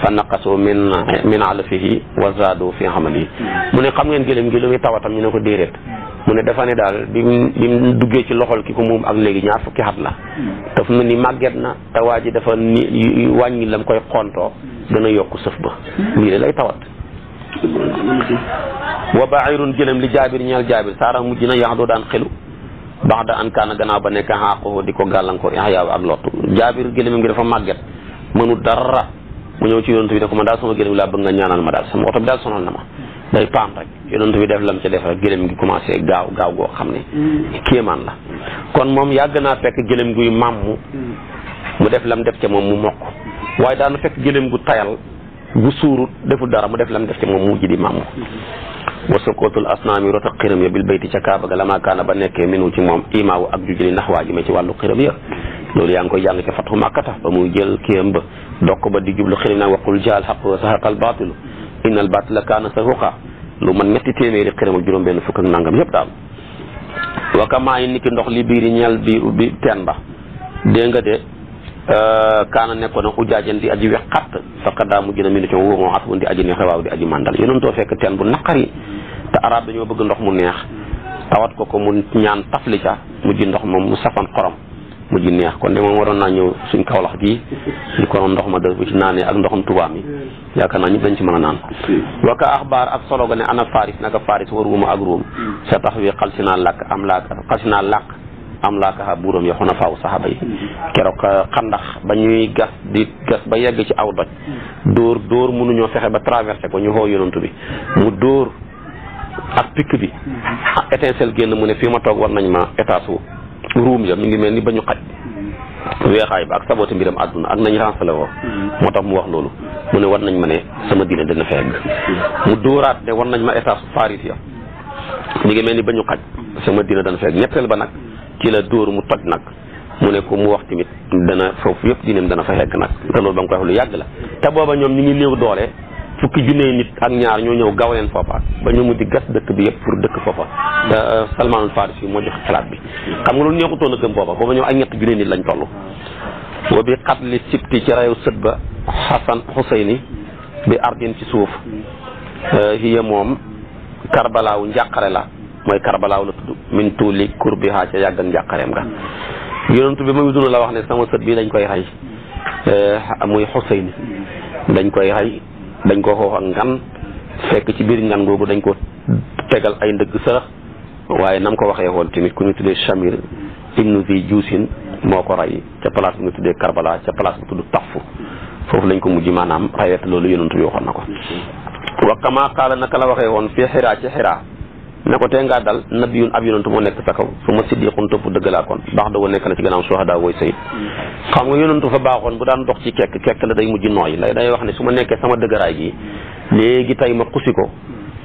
[SPEAKER 1] fa naqasu min min alafihi wa zaadu fi amalihi mu ne xam ngeen gëlëm gi lu muy tawatam ñu ne ko déeréet mu ne dafa ne daal bi mu bi mu duggee ci loxol ki ko moom ak léegi ñaar fukki xat la daf na ni màgget na te waa ji dafa ni wàññi la mu koy xontoo gën a yokk sëf ba lii de lay tawat wa bairun jëlam li jaabir ñeel jaabir saara mujj na yaadoo daan xelu baax da an kaana gannaaw ba nekk xaqoo di ko gàllankoor yaaw ak lottu jaabir gëlëm ngi dafa màgget mënu dara mu ñëw ci yonent bi ne ko man daal sama gëlëm laa bëgg nga ñaanal ma daal sama oto bi daal day paam rek yonent bi def lam ci def rek gëlëm gi commencé gaaw gaaw goo xam ne kéemaan la kon moom yàgg naa fekk gëlëm guy màmm mu def lam def ca moom mu mokk waaye daanu fekk gëlëm gu tayal gu suurut defu dara mu def lam def ca moom mu mujj di màmm wa sukootul asnaami rota xiram ya bil bayti ca kaaba ga lamaa kaana ba nekkee minu ci moom imaawu ak ju jëli naxwaa ji ma ci wàllu xiram ya loolu yaa ngi koy jàng ca fatu makkata ba muy jël kiyam ba ba di jublu xirim naan waqul jaal xaq wa saxaqal baatilu baat baatila kaana zahuuqa lu man ñetti téeméeri xërëm ak juróom-benn fukk ak nangam yëpp daal. wakamaa yi nit ki ndox li biiri ñeel bi bi teen ba dégg nga de euh, kaana nekkoon na ujaajan di aji wex xatt faqat daa mujj na mi ne ci wóomoo asbun di aji ne xewaaw di aji màndal yéen too fekk teen bu naqari te arab dañoo bëgg ndox mu neex tawat ko ko mu ñaan tafli ca mujj ndox moom mu safan xorom. mujj neex kon de moom waroon naa ñëw suñ kawlax gi suñ ko ndox ma def bu ci naanee ak ndoxum Tuubaa mi yaakaar naa ñëpp dañ ci mën a naan waka axbaar ak solo ga ne ana faris naka faris war wuma ak ruum sa tax wi xal si naa làkk am làkk xal naa làkk am laakaxa buuram ya xona faaw saxaba yi keroog euh, xandax ba ñuy gas di gas ba yegg ci aw doj dóor dóor mënuñoo fexe ba traversé ko ñu xoo yonantu bi mu dóor ak pikk bi étincelle génn mu ne fii ma toog war nañ ma état ruum ya mi ngi mel ni ba ñu xaj weexaay ba ak saboté mbiram àdduna ak nañ ransale woo mm-hmm. moo tax mu wax loolu mu ne war nañ ma ne sama diine dana fa yegg mm-hmm. mu dóoraat ne war nañ ma état faris ya mi ngi mel ni ba ñu xaj sama diine dana fa yegg ñetteel ba nag ci la dóor mu toj nag mu ne ko mu wax tamit dana foofu yëpp diineem dana fa yegg nag te loolu ba nga koy wax lu yàgg la te booba ñoom ñu ngi néew doole fukki junne nit ak ñaar ñoo ñëw gaw leen foofa ba ñu mujj gas dëkk bi yëpp pour dëkk foofa te euh, Salmaanul Faarisi moo joxe xalaat bi xam nga loolu neexutoon a gëm foofa foofa ñëw ak ñett lañ toll wa bi ci reyu sët ba Xasan Xuseyni bi ardin ci suuf euh, hiya moom karbalaawu njàqare la mooy karbalaaw la tudd min tuuli kurbiha ca yàggan njàqareem nga yonentu bi muy dund la wax ne sama sët bi euh, dañ koy rey muy Xuseyni dañ koy rey dañ ko xoox ak ngan fekk ci biir ngan googu dañ ko tegal ay ndëgg sërëx waaye nam ko waxee woon tamit ku ñu tuddee Shamir ibnu Zi Juusin moo ko rey ca place bu ñu tuddee Karbala ca place bu tudd Taff foofu lañ ko mujj maanaam rayet loolu yonent bi waxoon na ko wa kama qaala naka la waxee woon fii xiraa ci xiraa ne ko tey ngaa dal nabiyun ab yonantu moo nekk sa kaw su ma siddiqun topp dëgg kon baax dawa nekk na ci gannaaw suhada wooy sayid xam nga yonantu fa baaxoon bu daan dox ci kekk kekk la day mujj nooy la day wax ne su ma nekkee sama dëggaraay gi léegi tey ma xusi ko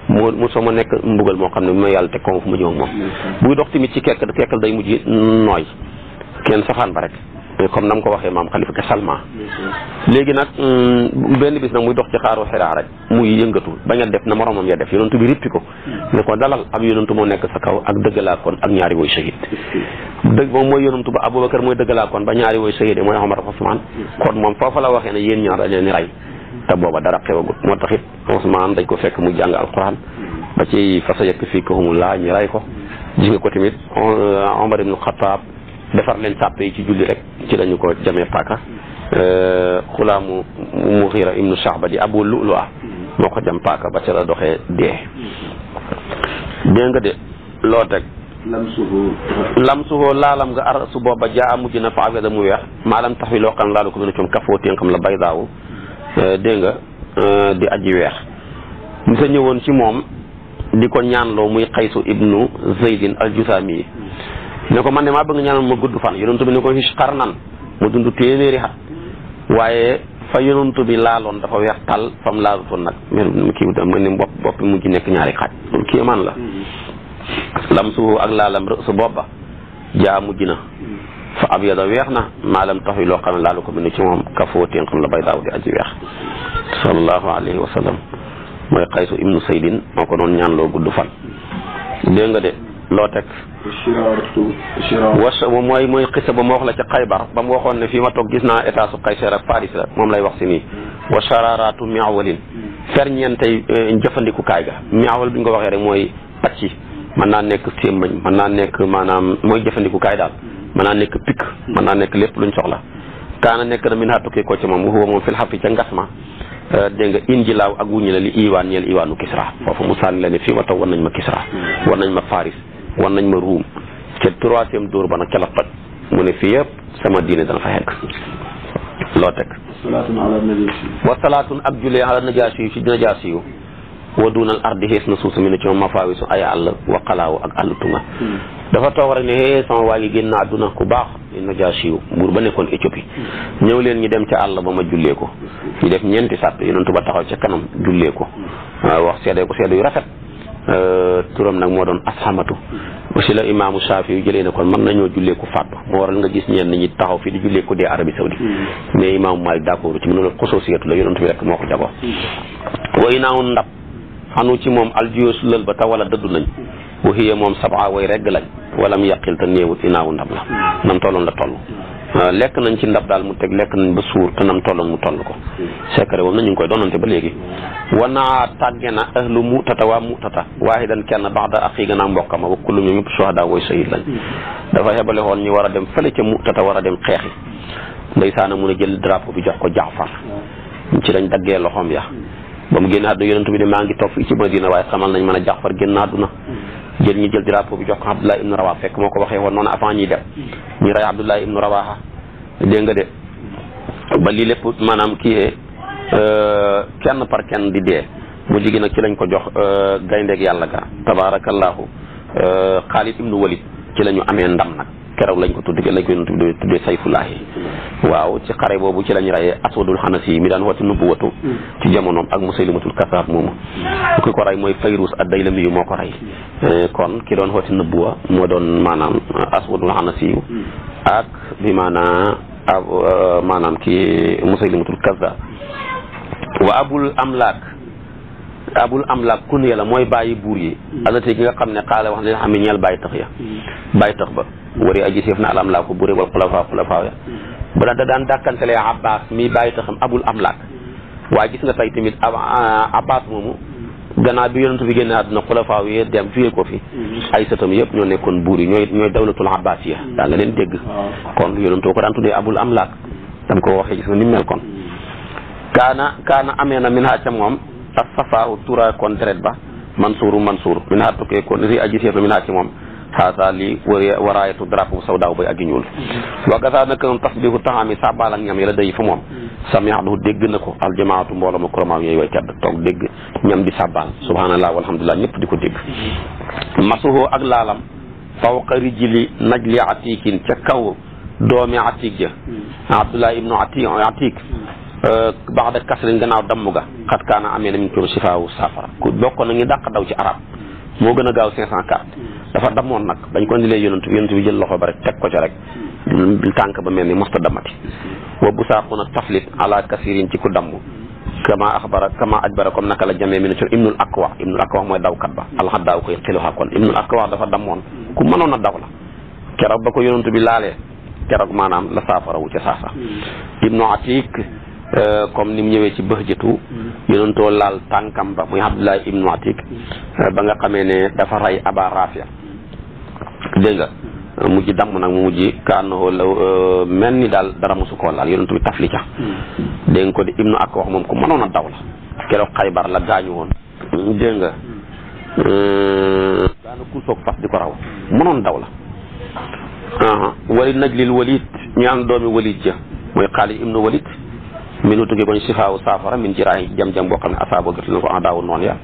[SPEAKER 1] moo soo ma nekk mbugal moo xam ne ma yàlla teg ko ma fu ma jëm ak moom mm-hmm. buy dox tamit ci kekk kekkal day mujj nooy kenn safaan ba rek Euh, comme nam ko waxee maam xalifa ke salma léegi nag euh, benn bis nag muy dox ci xaaru xiraa rek muy yëngatu bañ a def na moromam ya def yonentu bi rippi ko ne ko dalal ab yonentu moo nekk sa kaw ak dëggalaa ak ñaari woy shahid dëgg moom mooy yonentu ba aboubacar mooy dëggalaa kon ba ñaari woy shahid mooy omar osman kon moom foofa la waxee ne yéen ñaar dañ leen rey te booba moo tax it osman dañ ko fekk mu jàng alquran ba ci fasa ko xumul laa ñu rey ko gis nga ko tamit euh, omar ibnu xataab defar leen sàpp yi ci julli rek ci lañu ko jamee paaka euh, xulaamu muxiira ibnu saxba di abu lu'lu'a moo ko jam paaka ba ca la doxee dee dégg nga de loo teg lam suhoo laalam nga ar su booba jaa a mujj na fa aweda mu weex maalam tax wi loo xam laalu ko mu ne coom kafoo teen xam la bay daawu euh, dégg nga euh, di aji weex mu sa ñëwoon ci moom di ko ñaanloo muy xaysu ibnu zeydin aljusaami ne ko man de maa bëgg ñaanal ma gudd fan yonent bi ne ko hich qarnan mu dund téeméeri xat waaye fa yonent bi laaloon dafa weex tal fam laalutoon nag mel kii mën ni bopp bopp mu ci nekk ñaari xaaj loolu kéemaan la lam su mujj na fa ab weex na maalam tax yi loo xam ne laalu ko bind ci moom la bay daaw di aji weex sallallahu alayhi wa sallam mooy xaysu ibnu saydin moo ko doon ñaan loo gudd fan dégg de loo teg was mooy mooy xisa ba mu wax la ca xaybar ba mu waxoon ne fii ma toog gis naa état su Kaysar ak Paris la moom lay wax si nii hmm. wa shararatu miawalin hmm. ferñeentay eh, jëfandikukaay ga miawal bi ñu ko waxee rek mooy pacci man naa nekk sémmañ man naa nekk maanaam mooy jëfandikukaay daal man hmm. naa nekk pikk mën naa nekk lépp lu luñ soxla kaana nekk na min xattukee ko ci moom waxuwa moom fil ca ngas ma eh, dégg nga injilaaw ak wuñu la li iwaan ñeel iwaanu kisra foofu mu sànni la ne ma taw war nañ ma kisra war nañ ma faris wan nañ ma ruum ca troisième dóor ba nag ca la toj mu ne fii yëpp sama diine dana fa xegg loo teg wa ak jullee ala najaasi yu ci najaasi yu wa dunal ardi xees na suuf mi ne ci ma faawi ay àll wa xalaawu ak àll tuma hmm. dafa toog rek ne hee sama waa ngi génn àdduna ku baax di najaasi yu buur ba nekkoon Éthiopie hmm. ñëw leen ñu dem ca àll ba ma jullee ko ñu def ñeenti sàpp yonentu ba taxaw ca kanam jullee ko hmm. wax seede ko seede yu rafet Euh, turam nag moo doon asxamatu aussi la imaamu Shaafi yu jëlee na kon mën nañoo jullee ku fàddu moo waral nga gis ñenn ñi taxaw fii di jullee ku dee Arabie Saoudite mm. mais imaamu Maalik d'accord ci mu ne loolu xusoosiyatu la yonent bi rek moo ko jagoo mm. way naawoon ndab xanu ci moom aljiyos lël ba ta wala dëddu nañ waxiye moom sabaa way regg lañ walam yàqil te néewut inaawu ndab la mm. nam tolloon la toll Ah, lekk nañ ci ndab daal mu teg lekk nañ ba suur te nam tolloon mu toll ko sekkare woon na ñu ngi koy doonante ba léegi wanaa tàgge na ahlu mutata waa mutata waahidan kenn baxda ak xii gannaaw mbokka ma wa kullu ñoom ñëpp suhada way sayid lañ dafa hebale woon ñi war a dem fële ca mutata war a dem xeexi ndeysaana mun a jël drapeau bi jox ko jaafar ci dañ daggee loxoom ya ba mu génn àdduna yonent bi ne maa ngi toog fii ci Madina waaye xamal nañ mën a jaafar génn àdduna jël ñu jël drapeau bi jox ko Abdullah ibnu Rawaha fekk moo ko waxee woon noonu avant ñuy dem ñu rey Abdullah ibnu Rawaha dégg nga de ba lii lépp maanaam kii euh, kenn par kenn di dee mu jigi nag lañ ko jox euh, gayndeeg yàlla ga tabarakallahu euh, Xaalid ibnu Walid ci la ñu amee ndam nag keroog lañ ko tuddee lañ koy tuddee sayfulaahi waaw ci xare boobu ci lañ rayee aswadul xanas yi mi daan woote nubbu watu ci jamonoom ak musaylimatul kasaab moomu ki ko rey mooy fayrus ad-daylami yu moo ko rey eh, kon ki doon woote nubbu wa moo doon maanaam aswadul xanas yi ak bi maanaa eh, maanaam ki musaylimatul kasaab wa abul amlaak abul amlaak kun la mooy bàyyi buur yi mm. alati ki nga xam ne xaala wax ne xam ne ñeel bàyyi tax ya
[SPEAKER 2] mm.
[SPEAKER 1] bàyyi tax ba wari aji séef na al laa buur yi wal xulafaa xulafaa ya mm. ba da daan dàkkantelee abbas mi bàyyi taxam abul amlaak waaye gis nga tey tamit ah, abbas moomu gannaaw bi yonent bi génne àdduna xulafaa yi dem jugee ko fi yëpp ñoo nekkoon buur yi ñooy ñooy dawlatul abbasiya daa nga leen dégg ah. kon yonentoo ko daan tuddee abul amlaak dam ko waxee gis nga ni mel kon kaana kaana amee na min ha ca moom as safaahu tura contraire ba mansuuru mansuur min ha tukkee ko ri aji seetu min ha ci moom haasa li waraayatu drapeau sawdaaw bay aji ñuul wagasa naka noonu tasbihu taxaami saabal ak ñam yàlla day fa moom samihahu dégg na ko aljamaatu mbooloo ma kuromaaw yooyu way tedd toog dégg ñam di saabal subhanallah walhamdulilah ñëpp di ko dégg masuhu ak laalam fawqa rijli najli atikin ca doomi atik ja hmm. abdullah ibnu atik Euh, baxda kasrin gannaaw damm ga xat kaana amee na min ko sifaawu safara ku bokkoon na ñu dàq daw ci arab moo gën a gaaw 504 dafa dammoon nag bañ ko indilee yonent bi yonent bi jël loxo ba rek teg ko ca rek tànk ba mel ni wa bu saaqu nag taflit ala kasirin ci ku damm kama axbara kama ajbara comme naka la jamee mi ne ci ibnul akwa ibnul akwa mooy dawkat ba alxaddaaw koy xiluxa kon ibnul akwa dafa dammoon ku mënoon a daw la keroog ba ko yonent bi laalee keroog maanaam la saafara wu ca saasa ibnu atik Euh, comme ni mu ñëwee ci bëx jëtu mm. yonentoo laal tànkam ba muy Abdullah ibnu Atik mm. euh, ba nga xamee ne dafa ray Aba Rafia dégg nga mm. mujj damm nag mu mujj kaanoo euh, mel ni daal dara mosu koo laal yonentu bi tafli ca ko di ibnu ak wax moom ku mënoon a daw la keroog xaybar la gaañu woon dégg nga daana ku soog fas di ko raw mënoon daw la walit naj lil walit ñu am doomi walit ja mooy xaali ibnu walit mi ngi tukkee ko ñu sifaawu saafara min jiraahi ci jam-jam boo xam ne asaabo gis na ko en daawu noonu ya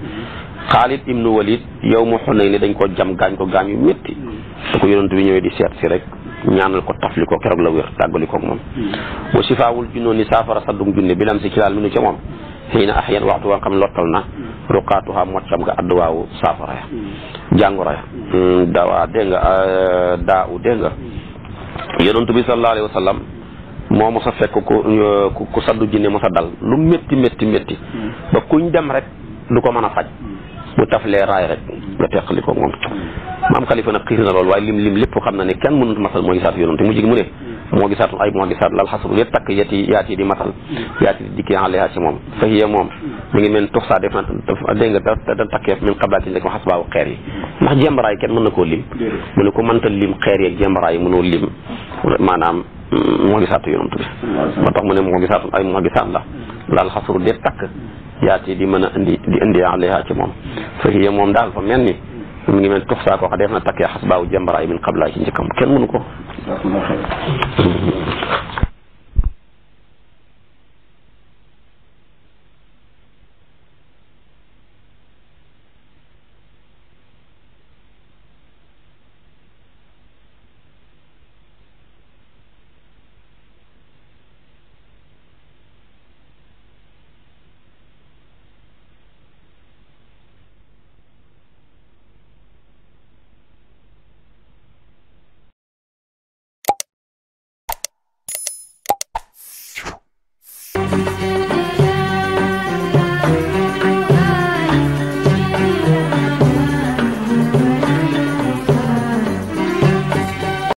[SPEAKER 1] xaalid ibnu walid yow mu xunay ne dañ ko jam gaañ ko gaañ yu métti su ko yonent bi ñëwee di seet si rek ñaanal ko tafli ko keroog la wér tàggali koog moom wa sifaawul junnoon ni saafara saddum junne bi lam si kilaal mi nu ca moom xëy na axyan waxtu wa nga xam ne lottal na ruqaatuha moccam nga adduwaawu saafara ya jàngoro ya hmm, dawaa dégg nga euh, daawu dégg nga yonent bi sallallahu alayhi wa sallam moo mos a fekk euh, ku ku saddu jinne mos a dal lu métti métti métti mm. ba kuñ dem rek du ko man a faj bu mm. tafalee raay rek mm. nga teqali ko moom maam xalifa nag xiir na loolu waaye lim lim lépp xam na ne kenn mënut matal moo gisaat yonante mu jigi mu ne moo gisaat ay moo gisaat lal xasabul yét takk yeti yaat yi di matal yaat yi di dikki en léa ci moom fahiya moom mi ngi mel toxsaa def na dégg nga da takkee min xablaati nekk ma xas baabu xeer yi ndax jembaraay kenn mën na koo lim mu ne ko mënta lim xeer yeeg jembaraay mënoo lim maanaam moo gisaatu yonent bi moo tax mu ne moo gisaatu ay moo gisaat la laal xasru de takk yaati di mën a indi di indi alayha ci moom fahiya moom daal fa mel ni mu ngi mel tuxsaa koo xam def na takkee xas baawu jambaraay min qablaay ci njëkkam kenn mënu ko